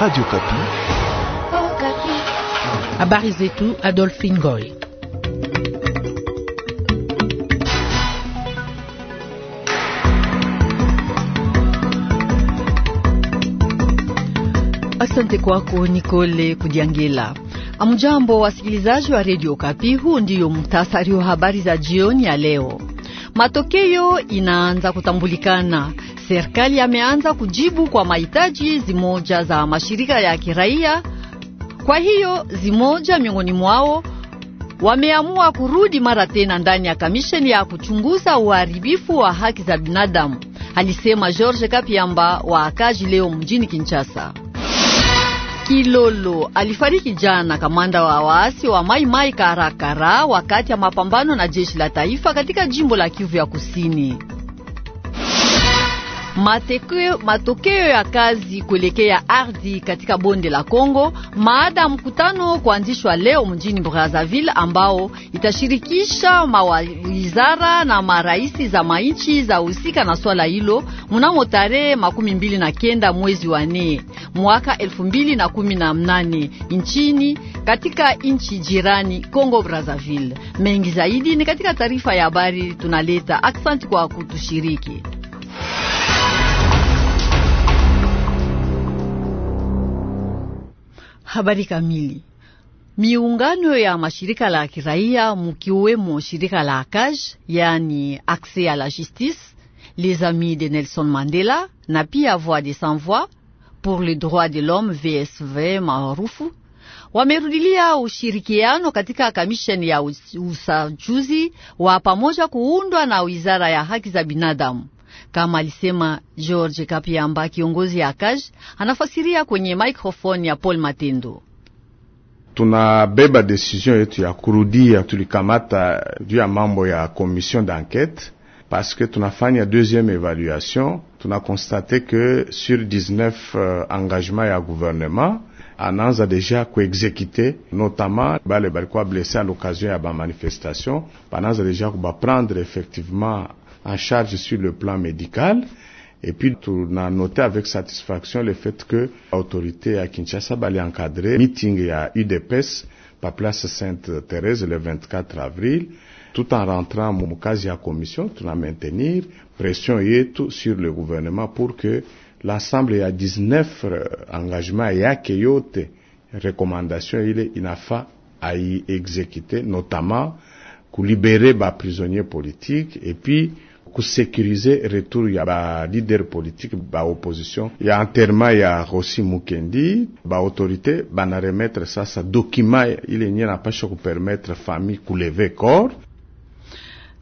Radio Kapi. Habari zetu Adolphe Ngoy. Asante kwako Nicole Kudiangela. Amjambo wasikilizaji wa Radio Kapi, huu ndiyo mtasari wa habari za jioni ya leo. Matokeo inaanza kutambulikana Serikali ameanza kujibu kwa mahitaji zimoja za mashirika ya kiraia. Kwa hiyo zimoja miongoni mwao wameamua kurudi mara tena ndani ya kamisheni ya kuchunguza uharibifu wa haki za binadamu, alisema George Kapiamba wa akaji leo mjini Kinshasa. Kilolo alifariki jana, kamanda wa waasi wa Maimai Karakara, wakati ya mapambano na jeshi la taifa katika jimbo la Kivu ya Kusini matokeo ya kazi kuelekea ardhi katika bonde la Kongo, maada mkutano kuanzishwa leo mjini Brazzaville ambao itashirikisha mawizara na maraisi za mainchi za husika na swala hilo mnamo tarehe makumi mbili na kenda mwezi wa nne mwaka elfu mbili na kumi na nchini katika nchi jirani Kongo Brazzaville. Mengi zaidi ni katika taarifa ya habari tunaleta. Aksanti kwa kutushiriki. Habari kamili. Miungano ya mashirika la kiraia mukiwemo shirika la ACAJ, yani Akse a la Justice, les Amis de Nelson Mandela na pia Voix de Sans Voix pour le droits de l'homme VSV maarufu wamerudilia ushirikiano katika kamisheni ya usajuzi wa pamoja kuundwa na Wizara ya Haki za Binadamu kama alisema George Kapiamba, kiongozi ya kaj anafasiria kwenye microphone ya Paul Matendo. Tunabeba decision yetu ya kurudia, tulikamata juu ya mambo ya commission d'enquête parce que tunafanya deuxième évaluation, tunakonstate que sur 19 euh, engagement ya gouvernement ananza deja kuexekite notamment bale balikuwa blesse à l'occasion ya bamanifestation, bananza deja kubaprendre effectivement en charge sur le plan médical. Et puis, on a noté avec satisfaction le fait que l'autorité à Kinshasa allait encadrer meeting à UDPS par place Sainte-Thérèse le 24 avril, tout en rentrant Momokazi à commission, tout en maintenir pression et sur le gouvernement pour que l'ensemble il a 19 engagements et accueillotes recommandations il inafa à y exécuter, notamment pour libérer les prisonniers politiques et puis kusekirize retour ya ba leader politique ba opposition ya enterrement ya Rosi Mukendi, ba autorité bana remettre sasa dokima ile nye napasha kupermettre famille kuleve corps.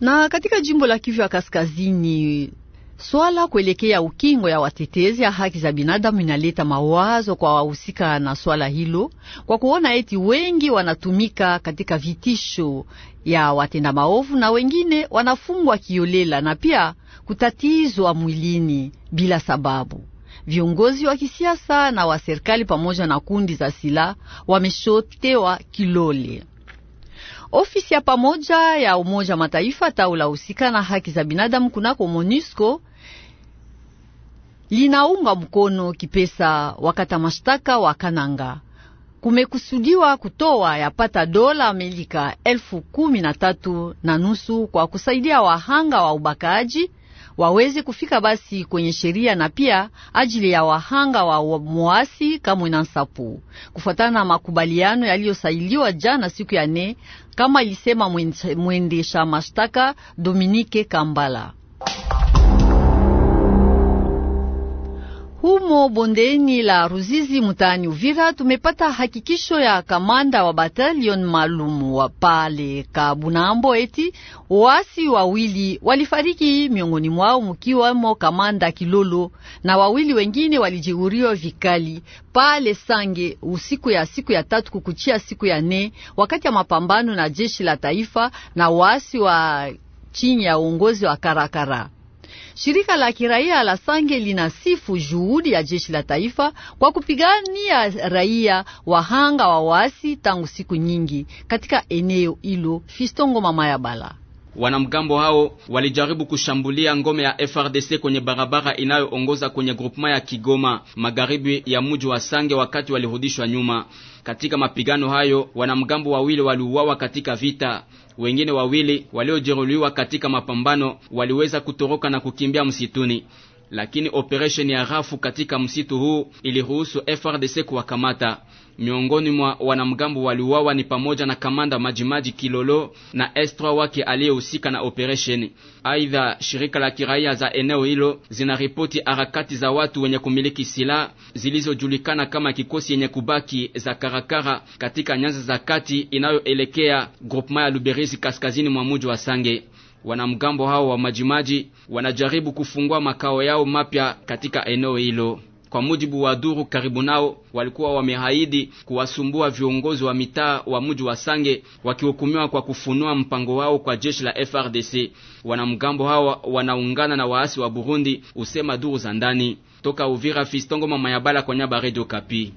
Na katika jimbo la Kivu ya Kaskazini Swala kuelekea ukingo ya watetezi ya haki za binadamu inaleta mawazo kwa wahusika na swala hilo, kwa kuona eti wengi wanatumika katika vitisho ya watenda maovu na wengine wanafungwa kiolela na pia kutatizwa mwilini bila sababu. Viongozi wa kisiasa na wa serikali pamoja na kundi za silaha wameshotewa kilole. Ofisi ya pamoja ya Umoja Mataifa tau la husika na haki za binadamu kunako MONUSCO linaunga mkono kipesa wakata mashtaka wa Kananga. Kumekusudiwa kutoa yapata dola Amerika elfu kumi na tatu na nusu kwa kusaidia wahanga wa ubakaji waweze kufika basi kwenye sheria na pia ajili ya wahanga wa muasi na Nsapu, kufuatana na makubaliano yaliyosailiwa jana siku ya nne, kama ilisema mwendesha mashtaka Dominique Kambala. Humo bondeni la Ruzizi mutani Uvira tumepata hakikisho ya kamanda wa batalion maalumu wa pale Kabunambo eti waasi wawili walifariki, miongoni mwao mukiwamo kamanda Kilolo na wawili wengine walijeruhiwa vikali pale Sange usiku ya siku ya tatu kukuchia siku ya nne wakati ya mapambano na jeshi la taifa na waasi wa chini ya uongozi wa Karakara. Shirika la kiraia la Sange linasifu juhudi ya jeshi la taifa kwa kupigania raia wahanga wa waasi tangu siku nyingi katika eneo hilo. Fistongo mama ya bala Wanamgambo hao walijaribu kushambulia ngome ya FRDC kwenye barabara inayoongoza kwenye grupema ya Kigoma magharibi ya mji wa Sange wakati walirudishwa nyuma. Katika mapigano hayo wanamgambo wawili waliuawa katika vita, wengine wawili waliojeruhiwa katika mapambano waliweza kutoroka na kukimbia msituni lakini operation ya ghafu katika msitu huu iliruhusu FRDC kuwakamata. Miongoni mwa wanamgambo waliuawa ni pamoja na kamanda Majimaji Kilolo na estra wake aliyehusika na operation. Aidha, shirika la kiraia za eneo hilo zinaripoti harakati za watu wenye kumiliki silaha zilizojulikana kama kikosi yenye kubaki za karakara katika nyanza za kati inayoelekea groupement ya Luberizi kaskazini mwa mji wa Sange. Wanamgambo hao wa Majimaji wanajaribu kufungua makao yao mapya katika eneo hilo. Kwa mujibu wa duru karibu nao, walikuwa wamehaidi kuwasumbua viongozi wa mitaa wa mji wa Sange wakihukumiwa kwa kufunua mpango wao kwa jeshi la FRDC. Wanamgambo hawa wanaungana na waasi wa Burundi, usema duru za ndani toka Uvira. Fistongo mama ya bala kwa nyaba, Radio Kapi.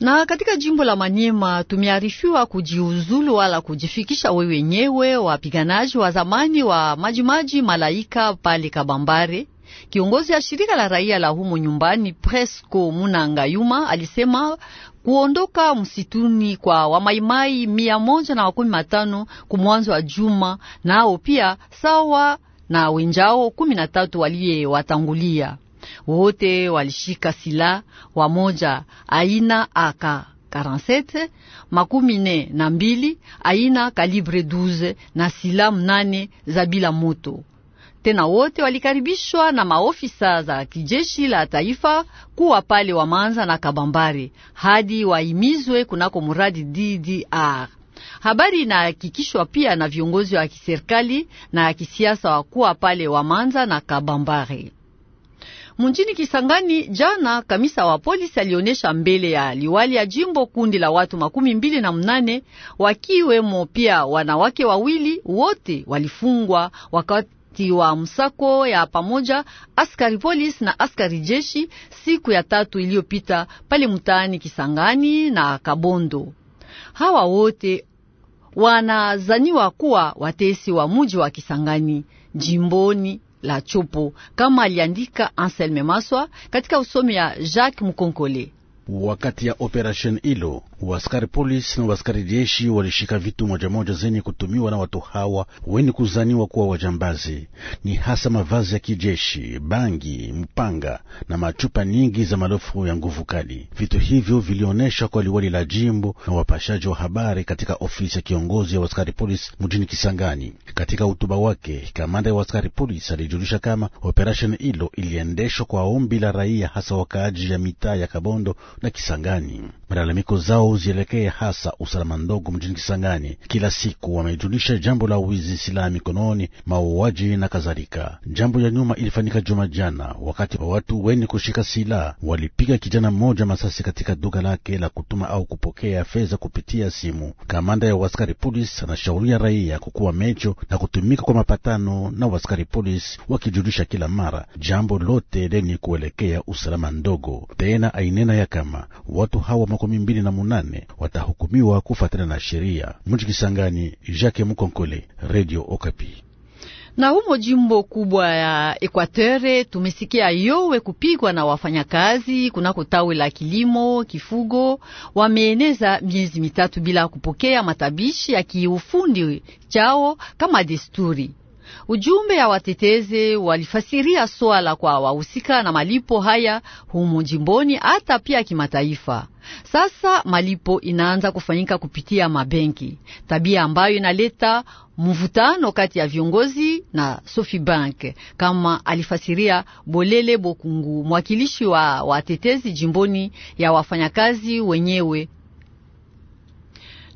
Na katika jimbo la Manyema tumearifiwa kujiuzulu wala kujifikisha we wenyewe wapiganaji wa zamani wa Majimaji Malaika pale Kabambare. Kiongozi ya shirika la raia la humo nyumbani Presco Munangayuma alisema kuondoka msituni kwa wamaimai mia moja na makumi matano kumwanzo wa juma, nao pia sawa na wenjao kumi na tatu waliyewatangulia wote walishika wa wamoja aina aka 47 makumi ne na mbili aina kalibre 12 na sila mnane za bila moto. Tena wote walikaribishwa na maofisa za kijeshi la taifa kuwa pale wa manza na Kabambare hadi waimizwe kunako muradi DDR. Habari inahakikishwa pia na viongozi wa kiserikali na ya kisiasa wakuwa pale wa manza na Kabambare mjini Kisangani jana, kamisa wa polisi alionyesha mbele ya liwali ya jimbo kundi la watu makumi mbili na mnane wakiwemo pia wanawake wawili, wote walifungwa wakati wa msako ya pamoja askari polisi na askari jeshi siku ya tatu iliyopita pale mtaani Kisangani na Kabondo. Hawa wote wanazaniwa kuwa watesi wa muji wa Kisangani jimboni la chupu, kama aliandika Anselme Maswa katika usomi ya Jacques Mkonkole. wakati ya operation hilo Waskari polisi na waskari jeshi walishika vitu moja moja zenye kutumiwa na watu hawa wenye kuzaniwa kuwa wajambazi. Ni hasa mavazi ya kijeshi, bangi, mpanga na machupa nyingi za malofu ya nguvu kali. Vitu hivyo vilionyeshwa kwa liwali la jimbo na wapashaji wa habari katika ofisi ya kiongozi ya waskari polisi mjini Kisangani. Katika hutuba wake, kamanda ya waskari polisi alijulisha kama operesheni hilo iliendeshwa kwa ombi la raia, hasa wakaaji ya mitaa ya Kabondo na Kisangani. Malalamiko zao ambao zielekee hasa usalama ndogo mjini Kisangani. Kila siku wamejulisha jambo la wizi, silaha mikononi, mauaji na kadhalika. Jambo ya nyuma ilifanyika juma jana, wakati watu wenye kushika silaha walipiga kijana mmoja masasi katika duka lake la kutuma au kupokea fedha kupitia simu. Kamanda ya waskari polisi anashauria raia kukuwa mecho na kutumika kwa mapatano na waskari polisi, wakijulisha kila mara jambo lote lenye kuelekea usalama ndogo. Tena ainena ya kama watu hawa makumi mbili na nane watahukumiwa kufuatana na sheria. Mji Kisangani, Jacques Mukonkole, Radio Okapi. Na humo jimbo kubwa ya Ekwatere tumesikia yowe kupigwa na wafanyakazi kunako tawi la kilimo kifugo. Wameeneza miezi mitatu bila kupokea matabishi ya kiufundi chao kama desturi. Ujumbe ya watetezi walifasiria swala kwa wahusika na malipo haya humu jimboni hata pia kimataifa. Sasa malipo inaanza kufanyika kupitia mabenki, tabia ambayo inaleta mvutano kati ya viongozi na sofi Bank, kama alifasiria Bolele Bokungu, mwakilishi wa watetezi jimboni ya wafanyakazi wenyewe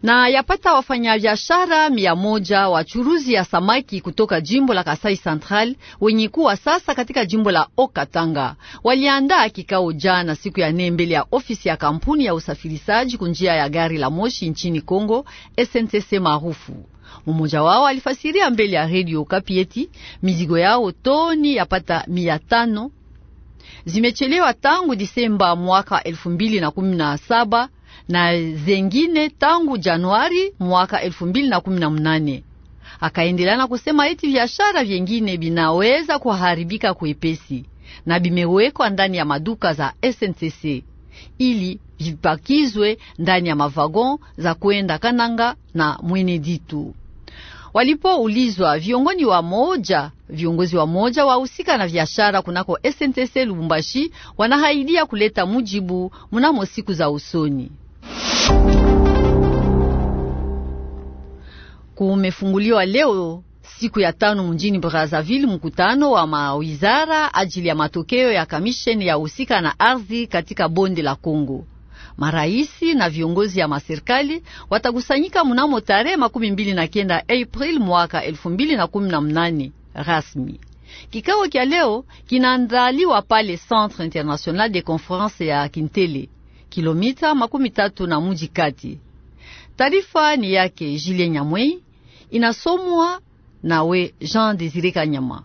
na yapata wafanyabiashara mia moja wachuruzi ya samaki kutoka jimbo la Kasai Central wenye kuwa sasa katika jimbo la Okatanga waliandaa kikao jana siku ya nne mbele ya ofisi ya kampuni ya usafirishaji kunjia ya gari la moshi nchini Kongo SNCC maarufu. Mmoja wao alifasiria mbele ya redio Kapieti mizigo yao toni yapata mia tano zimechelewa tangu Disemba mwaka elfu mbili na kumi na saba na zengine tangu Januari mwaka 2018. Akaendelea na kusema eti biashara vyengine binaweza kuharibika kwepesi na bimewekwa ndani ya maduka za SNCC ili vipakizwe ndani ya mavagon za kwenda Kananga na Mweneditu. Walipoulizwa viongoni wa moja viongozi wa moja wahusika na biashara kunako SNTC Lubumbashi wanahaidia kuleta mujibu mnamo siku za usoni. Kumefunguliwa leo siku ya tano mjini Brazzaville mkutano wa mawizara ajili ya matokeo ya kamisheni ya husika na ardhi katika bonde la Kongo. Maraisi na viongozi ya maserikali watakusanyika mnamo tarehe makumi mbili na kenda April mwaka elfu mbili na kumi na mnane rasmi. Kikao kya leo kinaandaliwa pale Centre International de Conference ya Kintele kilomita makumi tatu na muji kati. Taarifa ni yake Jile Nyamwei, inasomwa nawe Jean Desire Kanyama.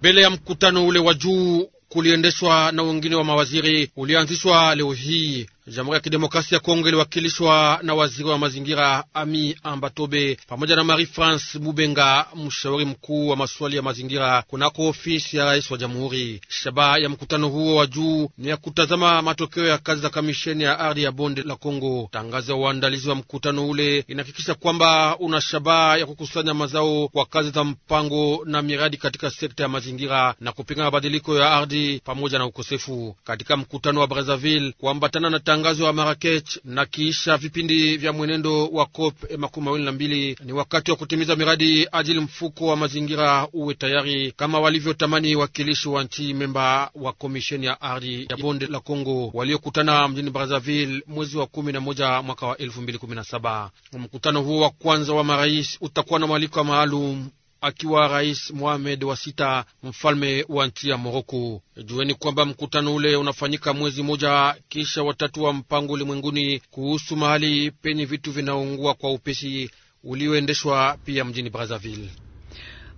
Mbele ya mkutano ule wa juu kuliendeshwa na wengine wa mawaziri ulianzishwa leo hii. Jamhuri ya Kidemokrasia ya Kongo iliwakilishwa na waziri wa mazingira Ami Ambatobe pamoja na Marie France Mubenga, mshauri mkuu wa masuala ya mazingira kunako ofisi ya rais wa jamhuri. Shabaha ya mkutano huo wa juu ni ya kutazama matokeo ya kazi za kamisheni ya ardhi ya bonde la Kongo. Tangazo ya uandalizi wa mkutano ule inahakikisha kwamba una shabaha ya kukusanya mazao kwa kazi za mpango na miradi katika sekta ya mazingira na kupinga mabadiliko ya ardhi pamoja na ukosefu. Katika mkutano wa Brazzaville kuambatana na matangazo ya marakech na kiisha vipindi vya mwenendo wa COP makumi mawili na mbili ni wakati wa kutimiza miradi ajili mfuko wa mazingira uwe tayari kama walivyotamani wakilishi wa nchi memba wa komisheni ya ardhi ya bonde la congo waliokutana mjini Brazzaville mwezi wa kumi na moja mwaka wa elfu mbili kumi na saba. Mkutano huo wa kwanza wa marais utakuwa na mwaliko maalum akiwa rais Mohamed wa sita, mfalme wa nchi ya Moroko. Jueni kwamba mkutano ule unafanyika mwezi moja kisha watatu wa mpango ulimwenguni kuhusu mahali penye vitu vinaungua kwa upesi ulioendeshwa pia mjini Brazzaville.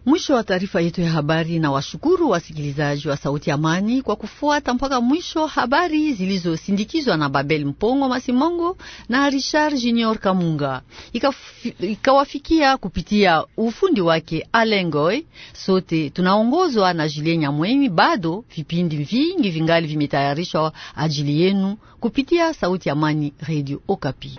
Mwisho wa taarifa yetu ya habari, na washukuru wasikilizaji wa Sauti ya Amani kwa kufuata mpaka mwisho habari zilizosindikizwa na Babel Mpongo Masimongo na Richard Junior Kamunga, ikawafikia kupitia ufundi wake Alengoy. Sote tunaongozwa na Julien Nyamwemi. Bado vipindi vingi vingali vimetayarishwa ajili yenu kupitia Sauti ya Amani Radio Okapi.